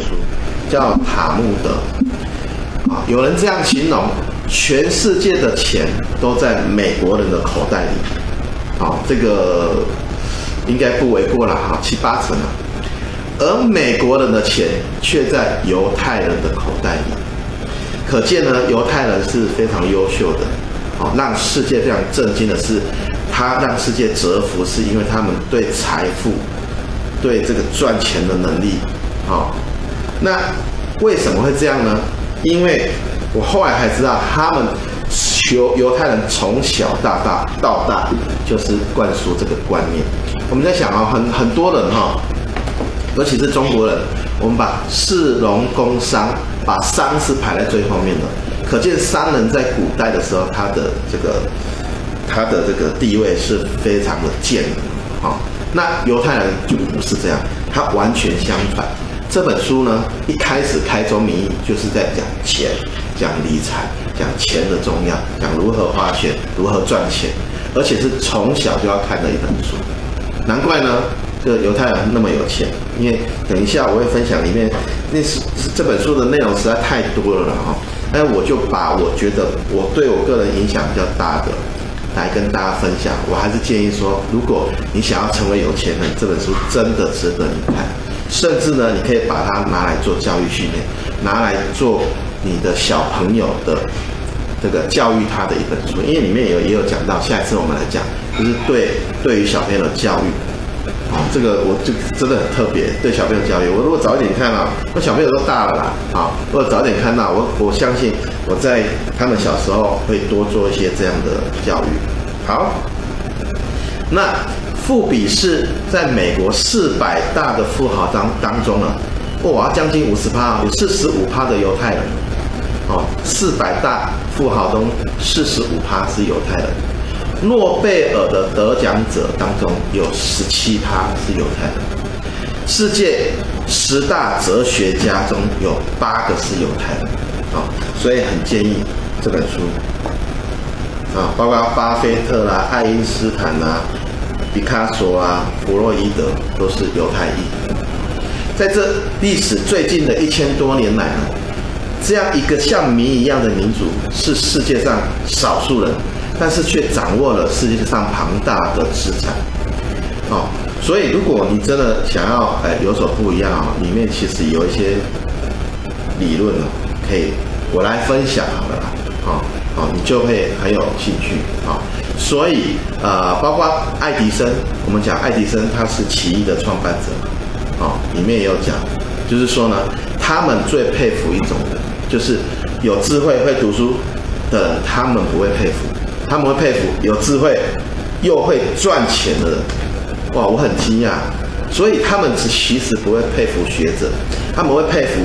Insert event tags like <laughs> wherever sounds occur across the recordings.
書叫《塔木德》，有人這樣形容：全世界的錢都在美國人的口袋裡，好，這個應該不為過了哈，七八成。而美國人的錢卻在猶太人的口袋裡，可見呢，猶太人是非常優秀的。好，讓世界非常震驚的是，他讓世界折服，是因為他們對財富、對這個賺錢的能力，好。那為什麼會這樣呢？因為，我後來才知道，他們猶猶太人從小到大，大到大，就是灌輸這個觀念。我們在想啊、哦，很很多人哈、哦，尤其是中國人，我們把士農工商，把商是排在最後面的。可見商人，在古代的時候，他的這個他的這個地位是非常的賤的啊。那猶太人就不是這樣，他完全相反。這本書呢，一開始開宗明義就是在講錢，講理財，講錢的重要，講如何花錢，如何賺錢，而且是從小就要看的一本書。難怪呢，這個猶太人那麼有錢，因為等一下我會分享裡面，那是這本書的內容實在太多了。然後，哎，我就把我覺得我對我個人影響比較大的來跟大家分享。我還是建議說，如果你想要成為有錢人，這本書真的值得你看。甚至呢，你可以把它拿來做教育訓練，拿來做你的小朋友的這個教育，他的一本書，因為裡面有也有講到，下一次我們來講，就是對對於小朋友的教育，啊，這個我就真的很特別，對小朋友教育，我如果早一點看到，啊，那小朋友都大了啦，啊，如果早點看到，啊，我我相信我在他們小時候會多做一些這樣的教育，好，那。富比士在美國四百大的富豪當當中呢、啊，哇、哦！我要將近五十趴，有四十五趴的猶太人。哦，四百大富豪中四十五趴是猶太人。諾貝爾的得獎者當中有十七趴是猶太人。世界十大哲學家中有八個是猶太人。哦，所以很建議這本書。啊、哦，包括巴菲特啦、愛因斯坦啦。畢卡索啊，弗洛伊德，都是猶太裔。在這歷史最近的一千多年來呢，這樣一個像謎一樣的民族，是世界上少數人，但是卻掌握了世界上龐大的資產。哦，所以如果你真的想要哎有所不一樣啊，裡面其實有一些理論呢、啊，可以我來分享好了啦。啊、哦、啊，你就會很有興趣啊。哦所以，呃，包括愛迪生，我們講愛迪生他是奇異的創辦者，啊、哦，裡面也有講，就是說呢，他們最佩服一種人，就是有智慧會讀書的人，他們不會佩服，他們會佩服有智慧又會賺錢的人，哇，我很驚訝，所以他們是其實不會佩服學者，他們會佩服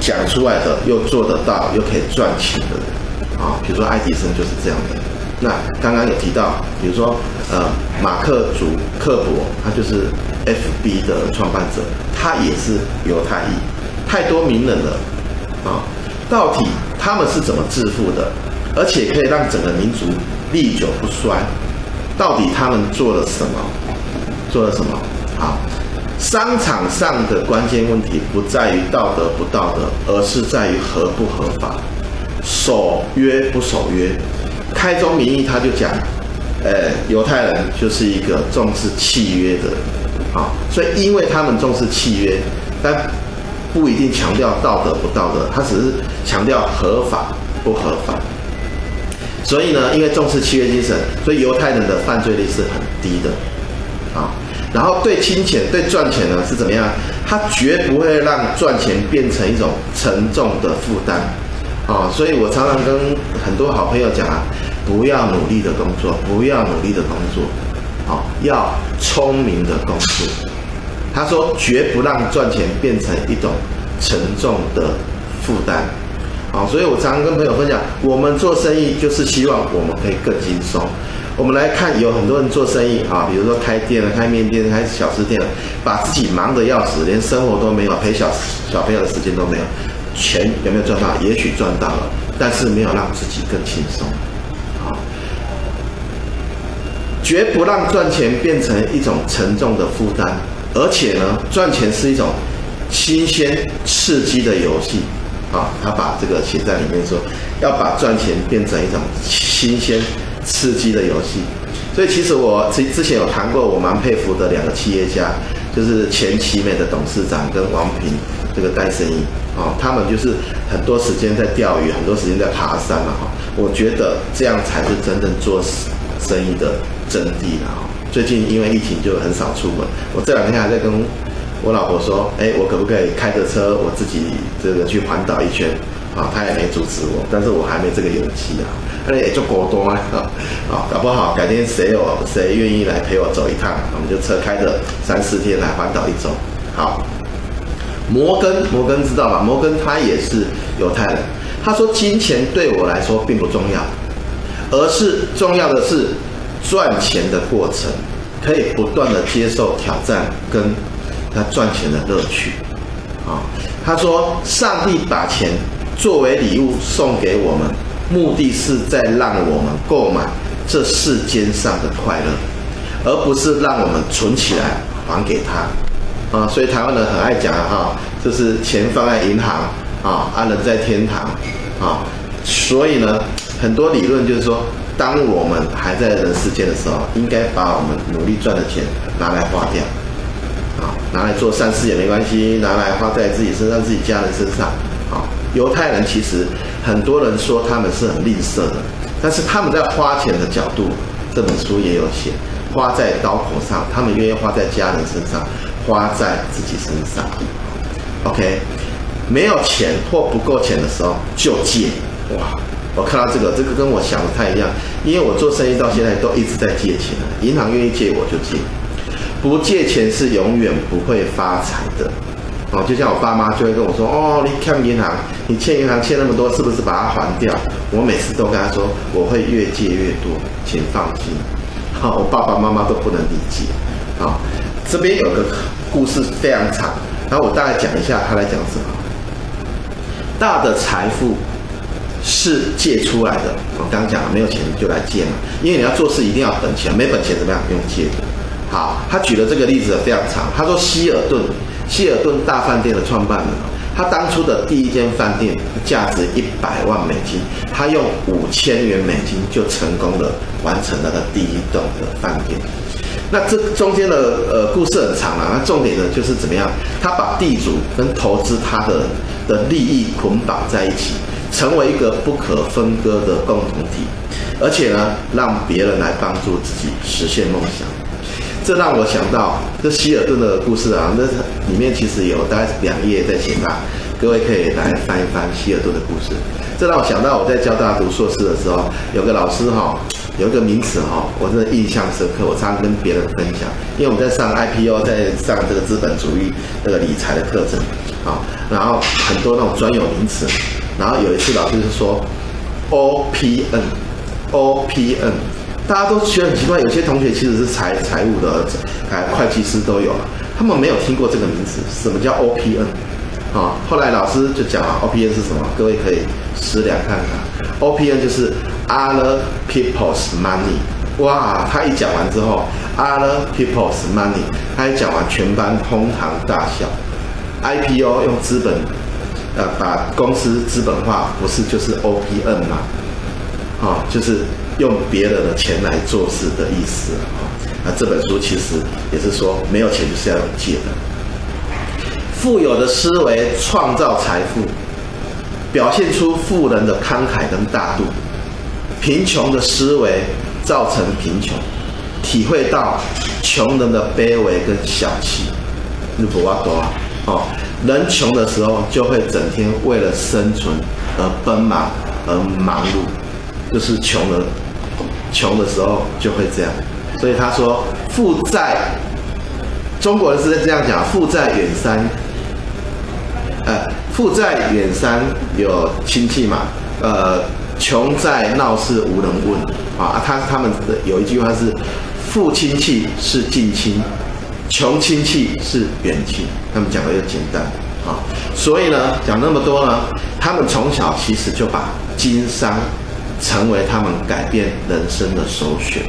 講出來的又做得到又可以賺錢的人，啊、哦，比如說愛迪生就是這樣的。那剛剛有提到，比如說，呃，馬克·祖克伯，他就是 FB 的創辦者，他也是猶太裔，太多名人了，啊、哦，到底他們是怎麼致富的？而且可以讓整個民族歷久不衰，到底他們做了什麼？做了什麼？好，商場上的關鍵問題不在於道德不道德，而是在於合不合法，守約不守約。開宗明義，他就講，誒、哎，猶太人就是一個重視契約的，啊，所以因為他們重視契約，但不一定強調道德不道德，他只是強調合法不合法。所以呢，因為重視契約精神，所以猶太人的犯罪率是很低的，啊，然後對金錢、對賺錢呢是怎麼樣？他絕不會讓賺錢變成一種沉重的負擔，啊，所以我常常跟很多好朋友講啊。不要努力的工作，不要努力的工作，好，要聰明的工作。他說，絕不讓賺錢變成一種沉重的負擔。好，所以我常常跟朋友分享，我們做生意就是希望我們可以更輕鬆。我們來看，有很多人做生意啊，比如說開店了、開麵店、開小吃店了，把自己忙得要死，連生活都沒有，陪小小朋友的時間都沒有。錢有沒有賺到？也許賺到了，但是沒有讓自己更輕鬆。絕不讓賺錢變成一種沉重的負擔，而且呢，賺錢是一種新鮮刺激的遊戲，啊、哦，他把這個寫在裡面說，要把賺錢變成一種新鮮刺激的遊戲。所以其實我之之前有談過，我蠻佩服的兩個企業家，就是前奇美的董事長跟王品這個戴勝益，啊、哦，他們就是很多時間在釣魚，很多時間在爬山了哈、哦。我覺得這樣才是真正做生意的。真地了。最近因為疫情就很少出門。我這兩天還在跟我老婆說：“誒，我可不可以開着車我自己這個去環島一圈？”哦、他也沒阻止我，但是我還沒這個勇氣啊。那也就過多。了、哦、啊，搞不好改天誰有誰願意來陪我走一趟，我們就車開着三四天來環島一周。好，摩根，摩根知道嗎？摩根他也是猶太人。他說：“金錢對我來說並不重要，而是重要的是。”賺錢的過程可以不斷的接受挑戰，跟他賺錢的樂趣，啊、哦，他說上帝把錢作為禮物送給我們，目的是在讓我們購買這世間上的快樂，而不是讓我們存起來還給他，啊、哦，所以台灣人很愛講哈、哦，就是錢放在銀行、哦、啊，安人在天堂啊、哦，所以呢，很多理論就是說。當我們還在人世間的時候，應該把我們努力賺的錢拿來花掉，啊，拿來做善事也沒關係，拿來花在自己身上、自己家人身上，啊，猶太人其實很多人說他們是很吝嗇的，但是他們在花錢的角度，這本書也有寫，花在刀口上，他們願意花在家人身上，花在自己身上，OK，沒有錢或不夠錢的時候就借，哇。我看到這個，這個跟我想的不太一樣，因為我做生意到現在都一直在借錢，銀行願意借我就借，不借錢是永遠不會發財的，哦，就像我爸媽就會跟我說，哦，你看銀行，你欠銀行欠那麼多，是不是把它還掉？我每次都跟他說，我會越借越多，請放心，我爸爸媽媽都不能理解，好，這邊有個故事非常長，然後我大概講一下他來講什麼，大的財富。是借出來的。我剛講了，沒有錢就來借嘛，因為你要做事一定要本錢，沒本錢怎麼樣？用借的。好，他舉了這個例子非常長。他說希爾頓，希爾頓大飯店的創辦人，他當初的第一間飯店價值一百萬美金，他用五千元美金就成功的完成那個第一棟的飯店。那這中間的呃故事很長啊，那重點的就是怎麼樣？他把地主跟投資他的的利益捆綁在一起。成為一個不可分割的共同體，而且呢，讓別人來幫助自己實現夢想，這讓我想到這希爾頓的故事啊,那裡面其實有大概兩頁在寫吧。各位可以來翻一翻希爾頓的故事。這讓我想到我在交大讀碩士的時候，有個老師哈、哦，有一個名詞哈、哦，我真的印象深刻，我常跟別人分享，因為我們在上 IPO，在上這個資本主義這個理財的課程。啊，然後很多那種專有名詞。然後有一次，老師就說 N，O P N，O P N，大家都覺得很奇怪。有些同學其實是財財務的兒子，哎，會計師都有，他們沒有聽過這個名字，什麼叫 O P N？啊、哦，後來老師就講了，O P N 是什麼？各位可以思量看看。O P N 就是 Other People's Money。哇，他一講完之後，Other People's Money，他一講完，全班哄堂大笑。I P O 用資本。呃，把公司資本化不是就是 OPM 嗎？啊，就是用別人的錢來做事的意思啊。那這本書其實也是說，沒有錢就是要有借的。富有的思維創造財富，表現出富人的慷慨跟大度；貧窮的思維造成貧窮，體會到窮人的卑微跟小氣。你不挖到啊？哦。人窮的時候就會整天為了生存而奔忙而忙碌，就是窮人，窮的時候就會這樣。所以他說，富在，中國人是在這樣講，富在遠山，呃，富在遠山有親戚嘛，呃，窮在鬧市無人問啊。他他們的有一句話是，富親戚是近親。窮親戚是遠親，他們講的又簡單啊、哦，所以呢，講那麼多呢，他們從小其實就把經商成為他們改變人生的首選，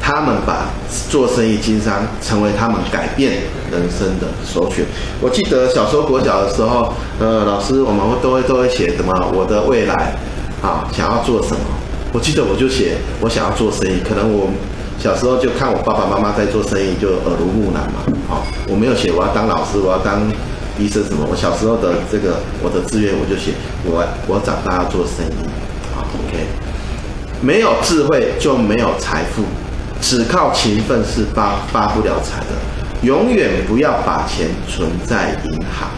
他們把做生意經商成為他們改變人生的首選。我記得小時候國小的時候，呃，老師我們都會都會寫什麼，我的未來啊、哦，想要做什麼？我記得我就寫我想要做生意，可能我。小時候就看我爸爸媽媽在做生意，就耳濡目染嘛。好，我沒有寫我要當老師，我要當醫生什麼。我小時候的這個我的志願我就寫我我長大要做生意。好，OK，沒有智慧就沒有財富，只靠勤奮是發發不了財的。永遠不要把錢存在銀行。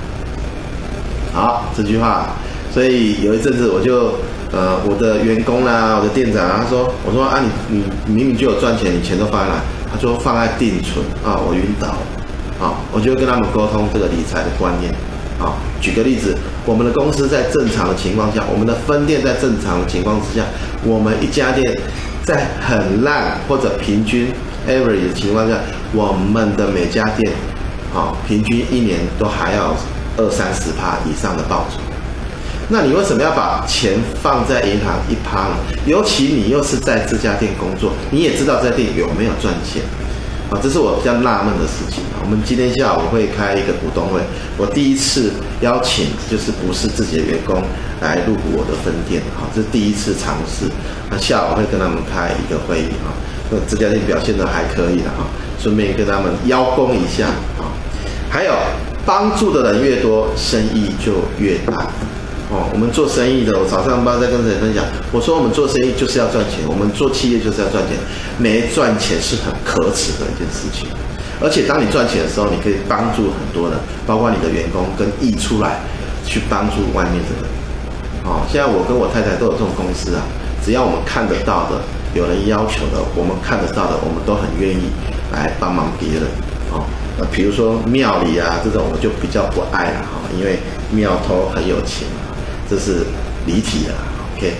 好，這句話，所以有一陣子我就。呃，我的員工啦、啊，我的店長、啊，他說，我說啊，你你明明就有賺錢，你錢都放在哪？他說放在定存啊，我暈倒了，好、啊，我就跟他們溝通這個理財的觀念。好、啊，舉個例子，我們的公司在正常的情況下，我們的分店在正常的情況之下，我們一家店在很爛或者平均 average 的情況下，我們的每家店，好、啊，平均一年都還要二三十趴以上的報酬。那你為什麼要把錢放在銀行一趴呢？尤其你又是在這家店工作，你也知道這家店有沒有賺錢，啊，這是我比較納悶的事情。我們今天下午會開一個股東會，我第一次邀請就是不是自己的員工來入股我的分店，這是第一次嘗試。那下午我會跟他們開一個會議，那這家店表現得還可以的，順便跟他們邀功一下，啊，還有幫助的人越多，生意就越大。哦，我們做生意的，我早上不知道在跟誰分享，我說我們做生意就是要賺錢，我們做企業就是要賺錢，沒賺錢是很可恥的一件事情。而且當你賺錢的時候，你可以幫助很多人，包括你的員工跟溢出來去幫助外面的人。哦，現在我跟我太太都有這種公司啊，只要我們看得到的，有人要求的，我們看得到的，我們都很願意來幫忙別人。哦，那比如說廟裡啊這種，我就比較不愛了哈，因為廟頭很有錢。這是離題了，OK。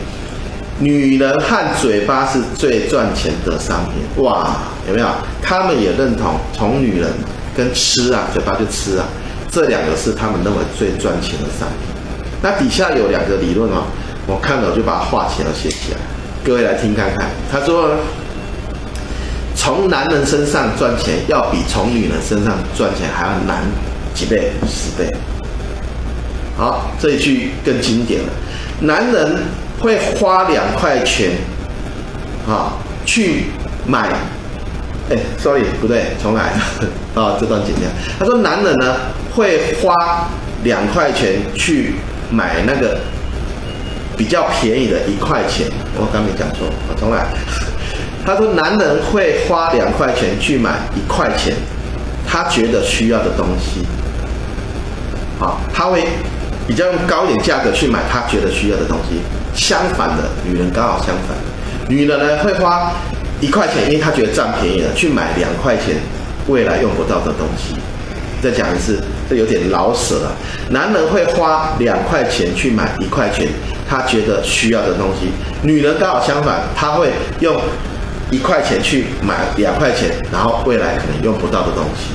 女人和嘴巴是最賺錢的商品，哇，有沒有？他們也認同，從女人跟吃啊，嘴巴就吃啊，這兩個是他們認為最賺錢的商品。那底下有兩個理論哦，我看了我就把話寫起寫起來，各位來聽看看。他說，從男人身上賺錢要比從女人身上賺錢還要難幾倍、十倍。好，這一句更經典了。男人會花兩塊錢，啊、哦，去買，哎，sorry，不對，重來，啊、哦，這段剪掉。他說，男人呢會花兩塊錢去買那個比較便宜的一塊錢。我剛沒講錯，我、哦、重來。他說，男人會花兩塊錢去買一塊錢，他覺得需要的東西，啊、哦，他會。比較用高一點價格去買他覺得需要的東西，相反的女人剛好相反，女人呢會花一塊錢，因為她覺得佔便宜了，去買兩塊錢未來用不到的東西。再講一次，這有點老舍了、啊。男人會花兩塊錢去買一塊錢他覺得需要的東西，女人剛好相反，她會用一塊錢去買兩塊錢，然後未來可能用不到的東西。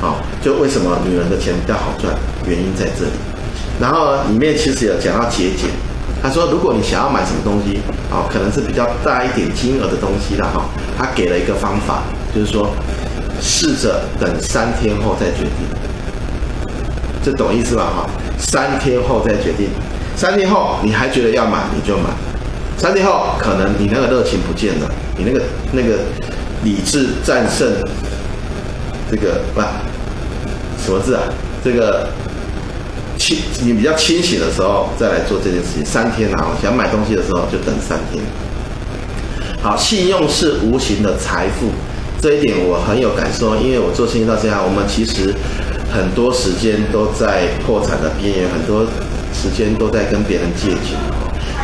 好，就為什麼女人的錢比較好賺，原因在這裡。然後呢，裡面其實有講到節儉，他說，如果你想要買什麼東西，哦，可能是比較大一點金額的東西了哈，他、哦、給了一個方法，就是說試着等三天後再決定，這懂意思吧？哈、哦，三天後再決定，三天後你還覺得要買你就買，三天後可能你那個熱情不見了，你那個那個理智戰勝這個不、啊、什麼字啊？這個。請你比較清醒的時候再來做這件事情。三天啊，想買東西的時候就等三天。好，信用是無形的財富，這一點我很有感受。因為我做生意到現在，我們其實很多時間都在破產的邊緣，很多時間都在跟別人借錢，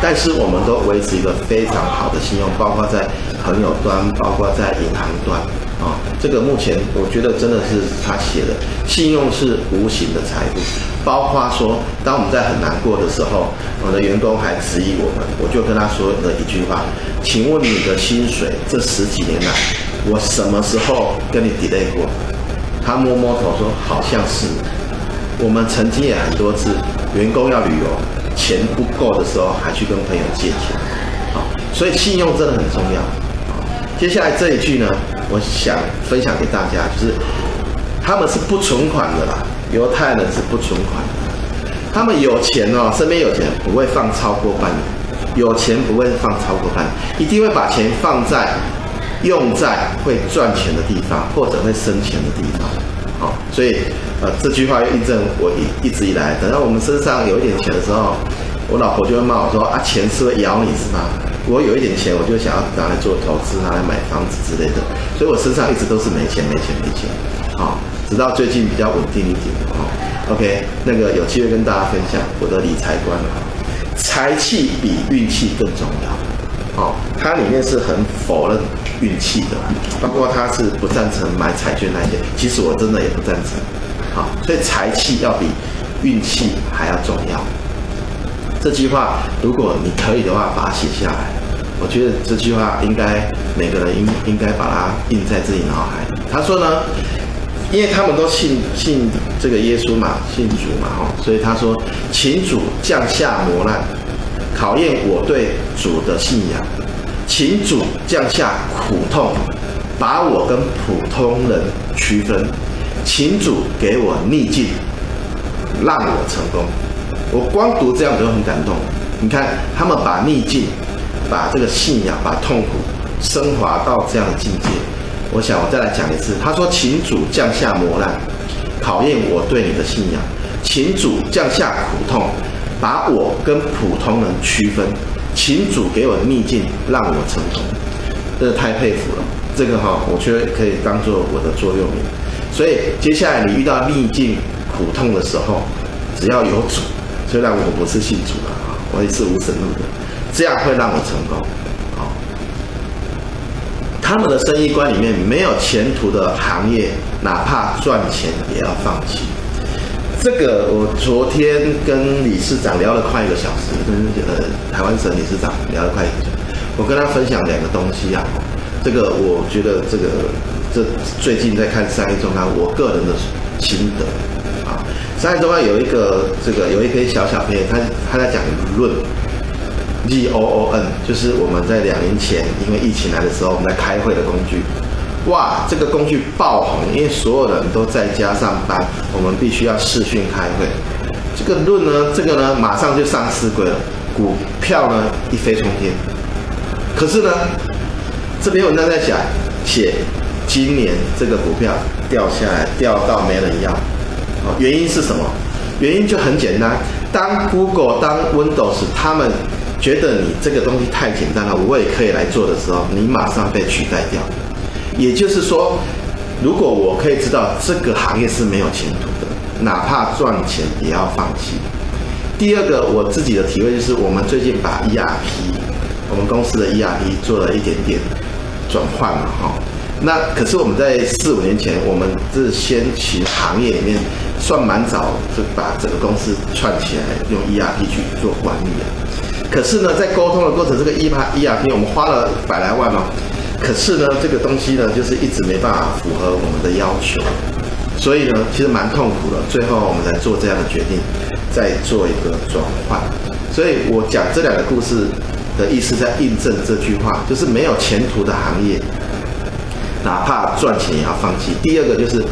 但是我們都維持一個非常好的信用，包括在朋友端，包括在銀行端啊。這個目前我覺得真的是他寫的，信用是無形的財富。包括說，當我們在很難過的時候，我、呃、的員工還質疑我們，我就跟他說了一句話：“請問你的薪水這十幾年來，我什麼時候跟你 delay 過？”他摸摸頭說：“好像是。”我們曾經也很多次，員工要旅遊，錢不夠的時候還去跟朋友借錢。啊、哦、所以信用真的很重要、哦。接下來這一句呢，我想分享給大家，就是他們是不存款的啦。猶太人是不存款的。他們有錢哦，身邊有錢不會放超過半年，有錢不會放超過半年，一定會把錢放在，用在會賺錢的地方或者會生錢的地方，好，所以呃這句話又印證我一一直以來，等到我們身上有一點錢的時候，我老婆就會罵我說啊錢是會咬你是吧？我有一點錢我就想要拿來做投資，拿來買房子之類的，所以我身上一直都是沒錢沒錢沒錢，好。直到最近比較穩定一點啊，OK，那個有機會跟大家分享我的理財觀啊，財氣比運氣更重要，哦，它裡面是很否認運氣的，包括他是不贊成買彩券那些，其實我真的也不贊成，好、哦，所以財氣要比運氣還要重要，這句話如果你可以的話把它寫下來，我覺得這句話應該每個人應該應該把它印在自己腦海裡。他說呢。因為他們都信信這個耶穌嘛，信主嘛哈，所以他說，請主降下磨難，考驗我對主的信仰，請主降下苦痛，把我跟普通人區分，請主給我逆境，讓我成功。我光讀這樣子就很感動。你看他們把逆境、把這個信仰、把痛苦升華到這樣的境界。我想我再來講一次，他說：“請主降下磨難，考驗我對你的信仰；請主降下苦痛，把我跟普通人區分；請主給我逆境，讓我成功。”真的太佩服了，這個哈，我覺得可以當作我的座右銘。所以接下來你遇到逆境、苦痛的時候，只要有主，雖然我不是信主的啊，我也是無神論的，這樣會讓我成功。他們的生意觀裡面沒有前途的行業，哪怕賺錢也要放棄。這個我昨天跟理事長聊了快一個小時，跟呃台灣省理事長聊了快一個小時，我跟他分享兩個東西啊。這個我覺得這個這最近在看商業周刊，我個人的心得啊。商業周刊有一個這個有一篇小小篇，他他在講輿論。G O O N 就是我們在兩年前因為疫情來的時候，我們在開會的工具，哇，這個工具爆紅，因為所有人都在家上班，我們必須要視訊開會。這個論呢，這個呢，馬上就上市櫃了，股票呢一飛沖天。可是呢，這篇文章在講，寫今年這個股票掉下來，掉到沒人要，原因是什麼？原因就很簡單，當 Google 當 Windows 他們。覺得你這個東西太簡單了，我也可以來做的時候，你馬上被取代掉了。也就是說，如果我可以知道這個行業是沒有前途的，哪怕賺錢也要放棄。第二個，我自己的體會就是，我們最近把 ERP，我們公司的 ERP 做了一點點轉換嘛，哈。那可是我們在四五年前，我們是先其行業裡面算蠻早，就把整個公司串起來用 ERP 去做管理的。可是呢，在溝通的過程，這個 ERP，我們花了百來萬嘛、哦。可是呢，這個東西呢，就是一直沒辦法符合我們的要求，所以呢，其實蠻痛苦的。最後我們才做這樣的決定，再做一個轉換。所以我講這兩個故事的意思，在印證這句話：就是沒有前途的行業，哪怕賺錢也要放棄。第二個就是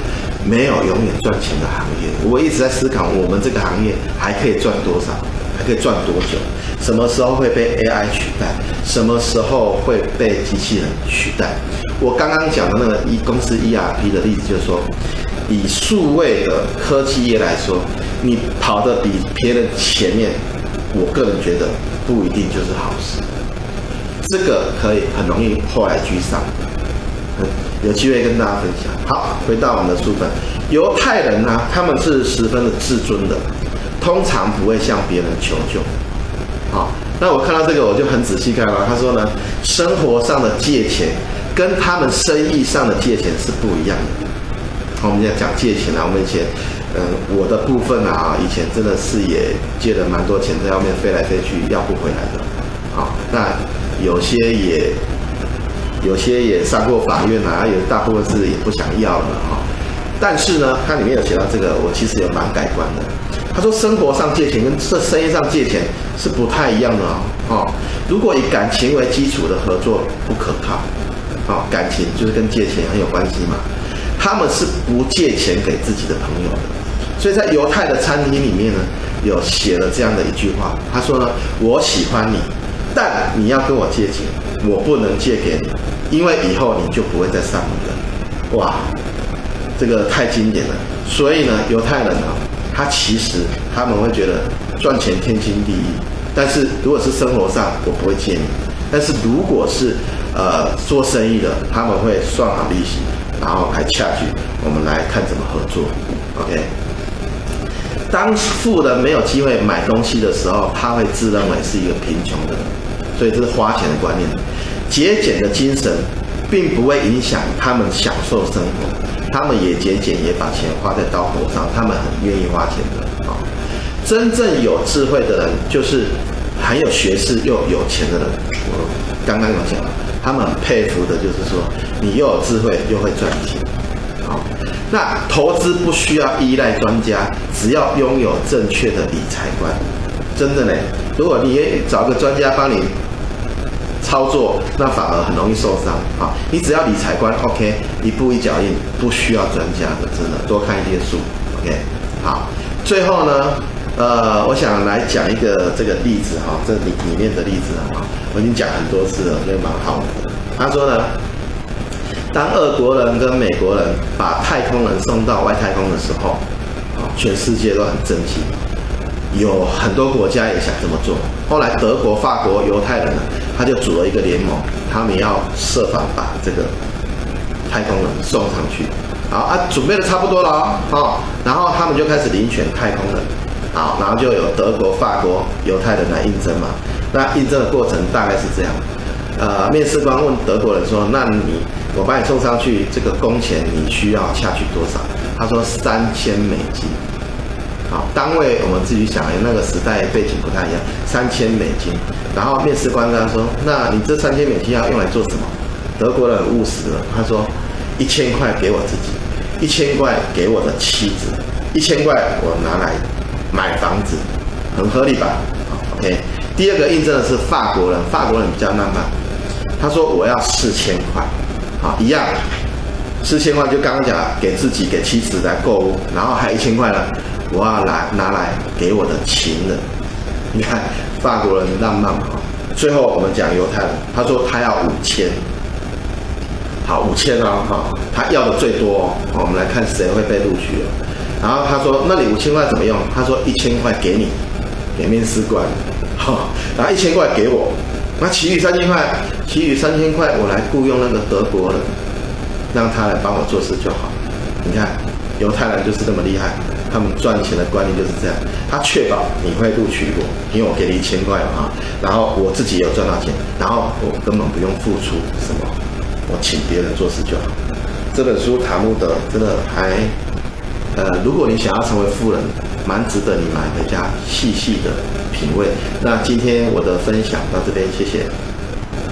沒有永遠賺錢的行業。我一直在思考，我們這個行業還可以賺多少，還可以賺多久。什麼時候會被 AI 取代？什麼時候會被機器人取代？我剛剛講的那個一公司 ERP 的例子，就是說，以數位的科技業來說，你跑得比別人前面，我個人覺得不一定就是好事。這個可以很容易後來居上。有機會跟大家分享。好，回到我們的書本，猶太人呢、啊，他們是十分的自尊的，通常不會向別人求救。好，那我看到這個我就很仔細看了。他說呢，生活上的借錢跟他們生意上的借錢是不一樣的。我們要講借錢啊，我們以前，嗯，我的部分啊，以前真的是也借了蠻多錢，在外面飛來飛去，要不回來的。好，那有些也，有些也上過法院啊，也大部分是也不想要了啊。但是呢，它裡面有寫到這個，我其實也蠻改觀的。他說，生活上借錢跟這生意上借錢是不太一樣的哦。哦，如果以感情為基礎的合作不可靠，哦，感情就是跟借錢很有關係嘛。他們是不借錢給自己的朋友的。所以在猶太的餐廳裡面呢，有寫了這樣的一句話。他說呢，我喜歡你，但你要跟我借錢，我不能借給你，因為以後你就不會再上門的。哇！這個太經典了，所以呢，猶太人呢，他其實他們會覺得賺錢天經地義，但是如果是生活上，我不會介意；但是如果是呃做生意的，他們會算好利息，然後還洽聚。我們來看怎麼合作，OK？當富人沒有機會買東西的時候，他會自認為是一個貧窮的人，所以這是花錢的觀念。節儉的精神並不會影響他們享受生活。他們也節儉，也把錢花在刀口上，他們很願意花錢的啊。真正有智慧的人，就是很有學識又有錢的人。我剛剛有講，他們很佩服的，就是說你又有智慧又會賺錢。好，那投資不需要依賴專家，只要擁有正確的理財觀，真的呢？如果你也找個專家幫你操作，那反而很容易受傷啊。你只要理財觀，OK。一步一腳印，不需要專家的，真的多看一些書。OK，好，最後呢，呃，我想來講一個這個例子哈，這裡面的例子啊，我已經講很多次了，那蠻好的。他說呢，當俄國人跟美國人把太空人送到外太空的時候，全世界都很震驚，有很多國家也想這麼做。後來德國、法國、猶太人呢，他就組了一個聯盟，他們要設法把這個。太空人送上去，好啊，準備的差不多了，哦，好，哦，然後他們就開始遴選太空人，好，然後就有德國、法國、猶太人來應徵嘛。那應徵的過程大概是這樣，呃，面試官問德國人說：“那你我把你送上去，這個工錢你需要下去多少？”他說：“三千美金。”好，單位我們自己想，那個時代背景不太一樣，三千美金。然後面試官跟他說：“那你這三千美金要用來做什麼？”德國人很務實的，他說一千塊給我自己，一千塊給我的妻子，一千塊我拿來買房子，很合理吧？OK。第二個印證的是法國人，法國人比較浪漫，他說我要四千塊，好一樣，四千塊就剛剛講給自己、給妻子來購物，然後還一千塊呢，我要拿拿來給我的情人。你 <laughs> 看法國人浪漫嘛？最後我們講猶太人，他說他要五千。好，五千啊，哈、哦，他要的最多、哦哦，我們來看誰會被錄取了。然後他說：“那你五千塊怎麼用？”他說：“一千塊給你，給面試官，哈、哦，拿一千塊給我，那其餘三千塊，其餘三千塊我來雇傭那個德國的，讓他來幫我做事就好。”你看，猶太人就是這麼厲害，他們賺錢的觀念就是這樣。他確保你會錄取我，因為我給了一千塊嘛、哦，然後我自己有賺到錢，然後我根本不用付出什麼。我請別人做事就好。這本書《塔木德》真的還，呃，如果你想要成為富人，蠻值得你買回家細細的品味。那今天我的分享到這邊，謝謝。